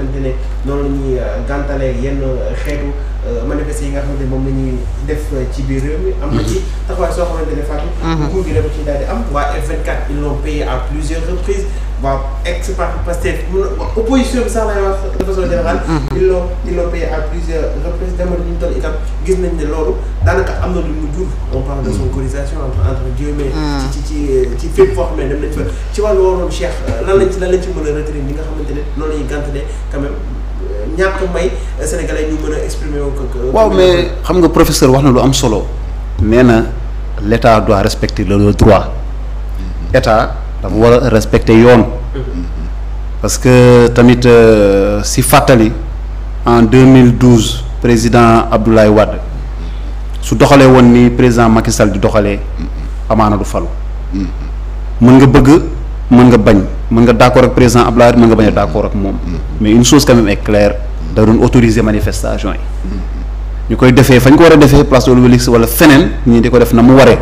xamante ne noonu la ñuy euh, gàntalee yenn euh, xeetu euh, manifeste yi nga xamante ne moom la ñuy def ci biir réew mi. am na ci taxawaay soo xamante ne Fatou. Mhm. nguur gi dafa ci daal di am waa F24 ils l'ont payé à plusieurs reprises. waaw ex parti Pastef opposition bi sax lay wax de façon générale. Mhm. Mhm. ils l'ont ils l'ont payé à plusieurs ñu toll itam nañ ne loolu daanaka am na lu mu jur. on parle de mhm. sonkorisation entre entre guillemets. ci ci ci ci fépp foo xam ne dem ci wàllu woon euh, lan lañ ci lan lañ ci mën a retenir nga xamante ne noonu la ñuy gàntalee quand même euh, ñàkk may euh, sénégalais ñu mën a exprimer ko. waaw mais xam nga professeur wax na lu am solo. nee na l' état doit respecter le droit état. dafa war a respecter yoon parce que tamit euh, si fàttali en 2012 président Abdoulaye Wade su doxalee woon ni président Macky Sall di doxalee amaana du falu mën nga bëgg mën nga bañ mën nga d'accord ak président Abdoulaye mën nga bañ a d'accord ak moom mais une chose quand même claire da doon autoriser manifestation yi ñu koy defee fañ ko war a defee place de l'Obélisque wala feneen ñii di ko def na mu waree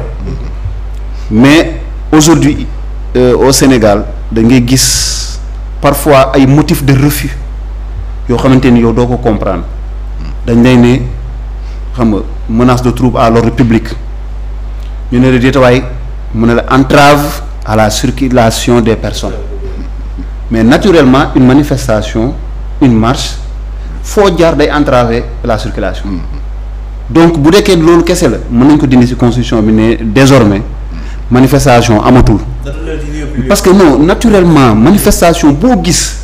mais aujourd'hui Euh, au Sénégal da ngay gis parfois ay motifs de refus yoo xamante ni yow doo ko comprendre dañ lay ne xam nga menace de trouble à l'ordre public ñu ne la détawaay mu ne la entrave à la circulation des personnes mais naturellement une manifestation une marche foo jaar day entraver la circulation donc bu dekkee loolu kese la mën nañ ko dindi si constitution bi ne désormais manifestation amatul parce que non naturellement manifestation boo gis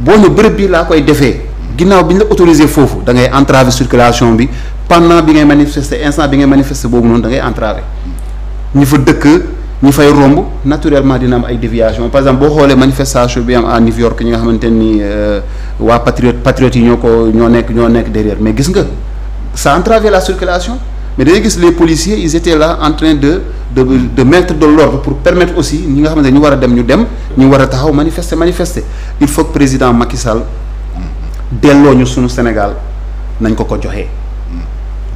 boo ne bërëb bi laa koy defee ginnaaw bi ñu la autorisé foofu da ngay entraver circulation bi pendant bi ngay manifester instant bi ngay manifester boobu noonu da ngay entraver ñi fa dëkk ñi fay romb naturellement dina am ay déviation par exemple boo xoolee manifestation bi am à New York ñi nga xamante ni euh, waa patriote patriotes yi ñoo ko ñoo nekk ñoo nekk derrière mais gis nga ça entravé la circulation mais de de de mettre de l'ordre pour permettre aussi ñi nga xamante ne ñu war a dem ñu dem ñu war a taxaw manifester manifester il faut président Macky Sall delloo ñu suñu Sénégal nañ ko ko joxe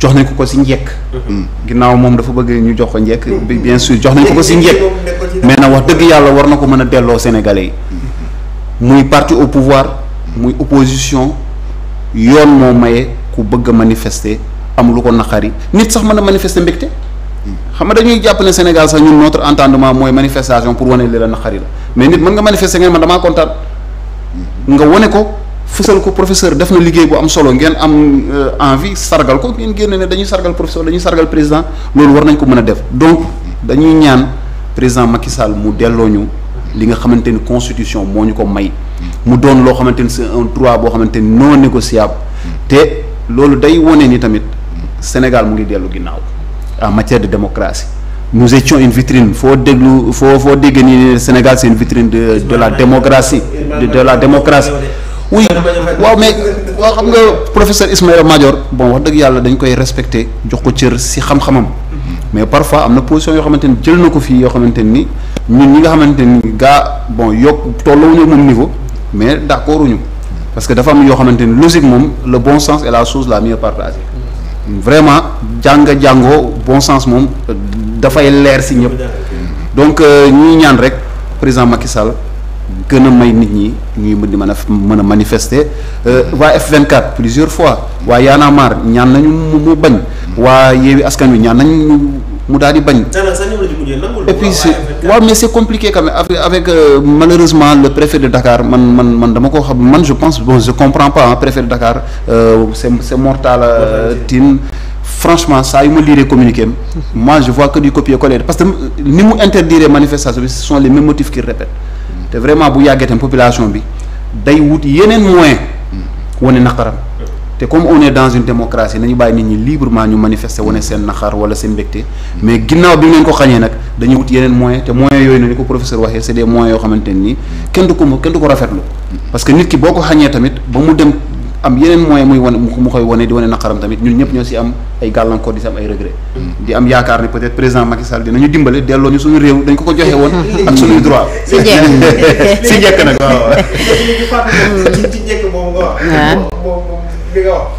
jox nañ ko ko si njekk ginnaaw moom dafa bëgg ñu jox ko njekk bien sûr jox nañ ko ko si njekk mais na wax dëgg yàlla war na ko mën a delloo Sénégalais muy parti au pouvoir muy opposition yoon moo maye ku bëgg a manifester am lu ko naqari nit sax mën a manifester mbégte xam nga dañuy jàpp ne Sénégal sax ñun notre entendement mooy manifestation pour wane li la naqari la mais nit mën nga manifester ngeen man damaa kontaan nga wane ko fësal ko professeur def na liggéey bu am solo ngeen am euh, envie sargal ko ngeen génne ne dañuy sargal professeur dañuy sargal président loolu war nañ ko mën a def donc dañuy ñaan président Macky Sall mu delloo ñu li nga xamante ni constitution moo ñu ko may mu doon loo xamante ni c'est un droit boo xamante ni non négociable te loolu day wone ni tamit Sénégal mu ngi dellu ginnaaw. en matière de démocratie nous étions une vitrine foo déglu foo foo dégg ni Sénégal c'est vitrine de de la démocratie de de la démocratie oui waaw mais waaw xam nga professeur Ismaïla Madior bon wax dëgg yàlla dañ koy respecter jox ko cër si xam-xamam mais parfois am na position yoo xamante ni jël na ko fii yoo xamante ni ñun ñi nga xamante ni gaa bon yokk tolluwuñu moom niveau mais d'accord uñu parce que dafa am yoo xamante ni logique moom le bon sens est la chose la mieux vraiment jàng jàngoo bon sens moom dafay leer si ñëpp donc euh, ñuy ñaan rek président Macky Sall gën a may nit ñi ñuy mën di mën a mën a manifester euh, waa F24 plusieurs fois waaye Y'en a ñaan nañu mu bañ waa Yewwi Askan Wi ñaan nañu mu daal di bañ et puis waaw ouais, mais c'est compliqué quand même avec, avec euh, malheureusement le préfet de Dakar man man man dama ko xam man je pense bon je comprends pas hein, préfet de Dakar euh, c'est c'est Mortalla euh, franchement saa yu ma liiree communiqué am moi je vois que du copier-coller parce que euh, ni mu interdire manifestation bi ce sont les mêmes motifs qu'il répète mm. te vraiment bu yàggee tam population bi day wut yeneen moyen mm. wane naqaram te comme on est dans une démocratie nañu bàyyi nit ñi librement ñu manifester wane seen naqar wala seen mbégte mm. mais ginnaaw bi ngeen ko xañee nag dañuy wut yeneen moyen te moyens yooyu ni ko professeur waxee c'est des moyens yoo xamante ni kenn du ko kenn du ko rafetlu parce que nit ki boo ko xañee tamit ba mu dem am yeneen moyen muy wane mu koy wane di wane naqaram tamit ñun ñëpp ñoo si am ay gàllankoor di si am ay regret hmm. di am yaakaar ne peut-être président Macky Sall dinañu dimbale delloo ñu suñu réew dañ ko ko joxe woon ak suñuy droit si njëkk si nag waaw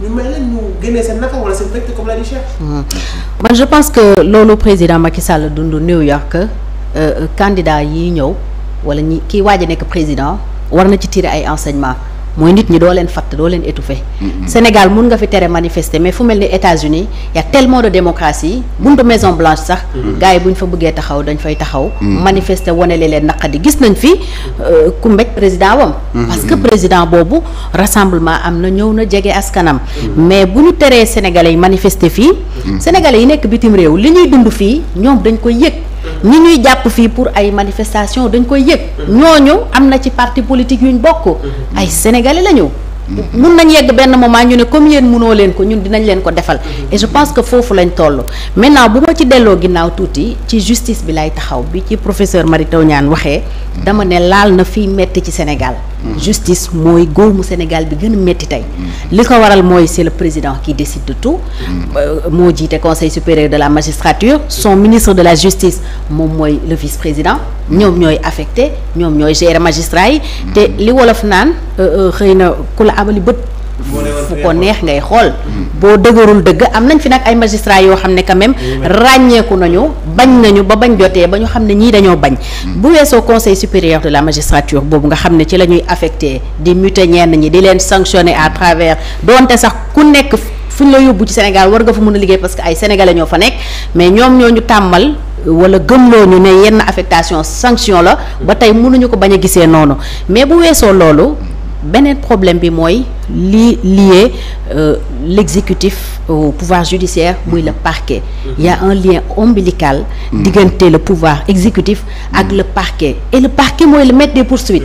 ñu may leen ñu génnee seen naka wala man je pense que loolu président Macky Sall dund New York euh, euh, candidat yi ñëw wala ñi kiy waaj a nekk président war na ci tirer ay enseignements. mooy nit ñi doo leen fatt doo leen etu étouffé mm-hmm. Sénégal mun nga fi tere manifesté mais fu mel ni États-Unis y a tellement de démocratie buntu Maison Blanche sax mm-hmm. gars yi bu ñu fa bëggee taxaw dañ fay taxaw manifesté mm-hmm. manifester wanele leen naqadi gis nañ fi euh, ku mbéj président wam parce que président boobu rassemblement am na ñëw na jege askanam mais bu ñu teree sénégalais yi manifester fii sénégalais yi nekk bitim réew li ñuy dund fii ñoom dañ koy yëg ñi ñuy jàpp fii pour ay manifestation dañ koy yëg ñooñu am na ci parti politique ñu bokk ay sénégalais lañu mun nañ yegg benn moment ñu ne comme yéen munoo leen ko ñun dinañ leen ko defal et je pense que foofu lañ toll maintenant bu ma ci delloo ginnaaw tuuti ci justice bi lay taxaw bi ci professeur Mary Teuw Niane waxee dama ne laal na fii metti ci Sénégal justice mooy góomu Sénégal bi gën a métti tey li ko waral mooy c'est le président qui décide de tout euh, moo jiite conseil supérieur de la magistrature son ministre de la justice moom mooy le vice président ñoom ñooy affecté ñoom ñooy gérer magistrat yi te li wolof naan euh, euh, xëy na ku la amali bët fu ko neex xool boo dëgërul dëgg am nag ay magistrats yoo xam ne quand même ràññeeku nañu bañ nañu ba bañ jotee ba ñu xam ne ñii dañoo bañ mm. bu weesoo conseil supérieur de la magistrature boobu nga xam ne ci lañuy ñuy affecté di muté ñenn ñi di leen sanctionner à travers doonte sax ku nekk fu ñu la yóbbu ci Sénégal war nga fa mun a liggéey parce que ay sénégalais ñoo fa nekk mais ñoom ñoo ñu tàmmal wala gëmloo ñu ne yenn affectation sanction la ba tey mënuñu ko bañ a gisee noonu mais bu weesoo loolu beneen problème bi mooy li lié euh, l'exécutif au pouvoir judiciaire muy le parquet il y un lien ombilical diggante la pouvoir exécutif ak le parquet et le parquet mooy le maître des poursuites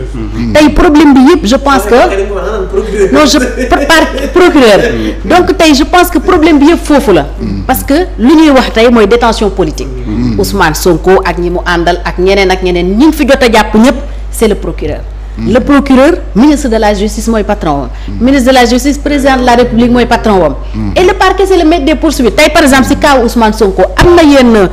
tey problème bi yëpp je pense que non je procureur donc tey je pense que problème bi yëpp foofu la parce que li ñuy wax tey mooy détention politique Ousmane Sonko ak ñi mu àndal ak ñeneen ak ñeneen ñi fi jot a jàpp ñëpp c'est le procureur Mm. le procureur ministre de la justice mooy patron wam mm. ministre de la justice président de la république mooy patron wam mm. et le parquet c'est le maître des poursuites tey par exemple si cas Ousmane Sonko am na yenn euh,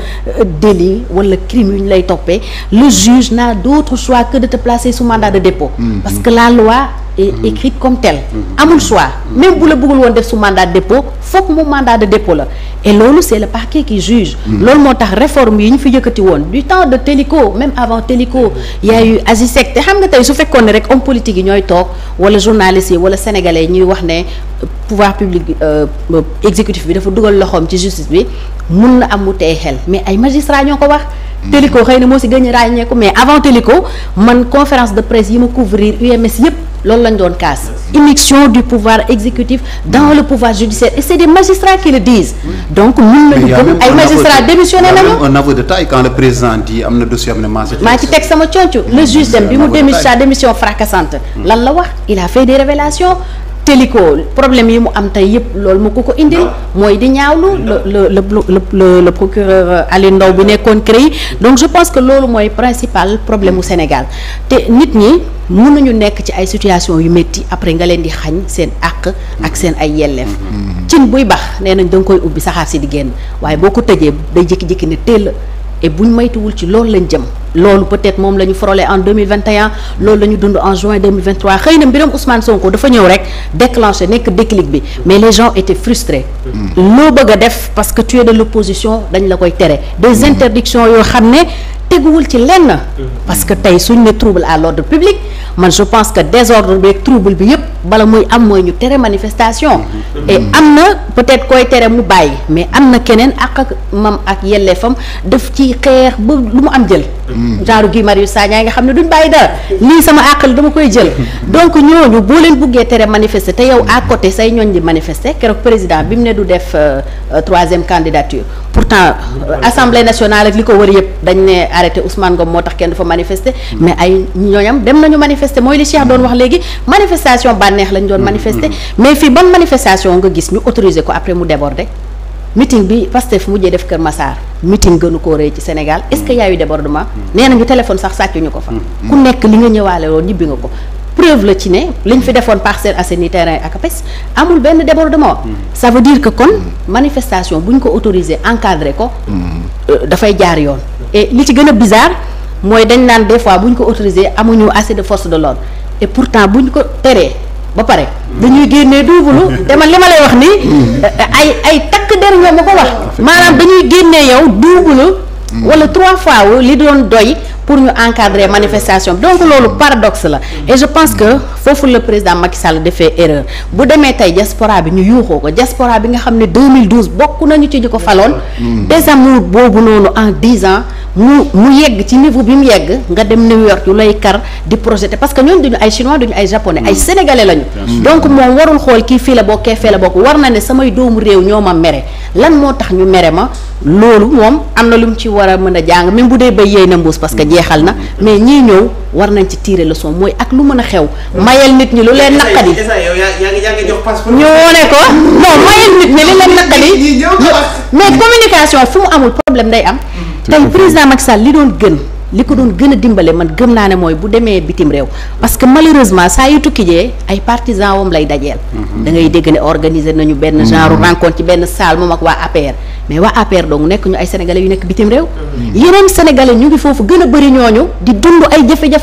délit wala crime yu ñu lay toppee le juge n'a d'autre choix que de te placer sous mandat de dépôt parce que la loi est mm-hmm. écrite comme telle. Mm-hmm. amul choix mm-hmm. même bu la bëggul woon def su mandat de dépôt foog mu mandat de dépôt la et loolu c' est le parquet qui juge. loolu moo tax réforme yi ñu fi yëkkati woon du temps de Télico même avant Télico y a eu Agissec te xam nga tey su fekkoon ne rek homme politique yi ñooy toog wala journaliste yi wala sénégalais ñuy wax ne euh, pouvoir public euh, euh, exécutif bi dafa dugal loxoom ci justice bi mun na am mu tey xel mais ay magistrats ñoo ko wax. Téliko xëy na moo si gën a ràññeeku mais avant Téliko man conférence de presse yi ma couvrir UMS yëpp loolu lañ doon kaas immixtion du pouvoir exécutif dans le pouvoir judiciaire et c'est des magistrats qui le disent donc mun nañu gëm ay magistrats démissionné nañu président dit am na dossier am ne maa ci teg sama conc le juge dem bi mu démission démission fracassante lan la wax il a fait des révélations Téliko problème yi mu am tey yëpp loolu mu ko ko indil mooy di ñaawlu le le le le le procureur euh, Ali Ndaw bi euh. nekkoon CREI donc je pense que loolu mooy principal problème mu Sénégal te nit ñi nañu nekk ci ay situation yu métti après nga leen di xañ seen àq ak seen ay yelleef mm-hmm. cin buy bax nee nañ da nga koy ubbi saxaar si di génn waaye boo ko tëjee day jikki jékki ne teel et buñ maytuwul ci loolu lañ jëm loolu peut-être moom la ñu en loolu la ñu en juin xëy na mbiram Ousmane Sonko dafa ñëw rek déclenché nekk déclic bi mais les gens étaient mm. loo bëgg def parce que tu de l'opposition dañ la koy tere des mm. interdictions yoo xam ne teguwul ci lenn. parce que tey suñ ne trouble à l'ordre public man je pense que désordre bi rek trouble bi yëpp bala muy am mooy ñu tere manifestation. am na peut-être koy tere mu bàyyi mais am na keneen ak ak mam ak yelleefam def ci xeex ba lu mu am jël. genre Guy Marius Sagna nga xam ne duñ bàyyi dara lii sama àqal dama koy jël. donc ñooñu boo leen buggee tere manifester te yow à côté say ñooñ di manifester keroog président bi mu ne du def euh, euh, troisième candidature. pourtant euh, assemblée nationale ak li ko wër yëpp dañ ne arrêté Ousmane Ngom moo tax kenn du fa manifester mm. mais ay ñooñam dem nañu manifester mooy li Cheikh doon wax léegi manifestation bànneex lañu doon mm. manifester mm. mais fii ban manifestation nga gis ñu autoriser ko après mu déborder meeting bi Pastef mujjee def Kër Massar meeting gënu ko rëy ci Sénégal est-ce que y a eu nee nañu téléphone sax sàccuñu ko fa ku nekk li nga ñëwaale woon ñibbi nga ko preuve la ci ne lañ fi defoon Parcelles ni terrain ak APEX amul benn débordement ça veut dire que kon manifestation bu ñu ko autorisé encadré ko euh, dafay jaar yoon li ci gën a bizarre mooy dañ naan des fois bu ñu ko autorisé amuñu assez de force de l'ordre et pourtant bu ñu ko teree ba pare dañuy génnee duubulu te man li ma lay wax ni euh, ay ay takk der ñoom ma ko wax maanaam dañuy génnee yow duubulu wala trois fois li doon doy pour ñu encadrer manifestation donc loolu paradoxe la et je pense que foofu la président Macky Sall defee erreur bu demee tey diaspora bi ñu yuuxoo ko diaspora bi nga xam ne 2012 bokk nañu ci ñu ko faloon mm. désamour boobu noonu en dix ans mu mu yegg ci niveau bi mu yegg nga dem New York yu lay kar di projeté parce que ñoom duñu ay chinois duñu ay japonais ay mm. sénégalais lañu donc moom warul xool kii fii la bokk kee la bokk war na ne samay doomu réew ñoo ma mere lan moo tax ñu mere ma loolu moom am na lu mu ci war a mën a jàng même bu dee bay yeey na mbuus parce que jeexal na mais ñii ñëw war nañ ci tirer leçon mooy ak lu mën a xew mayal nit ñi lu leen naqadi ñu wone ko non mayal nit ñi lu leen naqadi mais communication fu mu amul problème day am tey président Macky Sall li doon gën li ko doon gën a dimbale man gëm naa ne mooy bu demee bitim réew parce que malheureusement saa yu tukki jee ay partisans wam lay dajeel. Mhm. da ngay dégg ne organiser nañu benn mhm. genre rencontre ci benn salle moom ak waa APR. mais waa APR donc nekk ñu ay sénégalais yu nekk bitim réew. Mhm. yeneen sénégalais ñu ngi foofu gën a bëri ñooñu di dund ay jafe-jafe.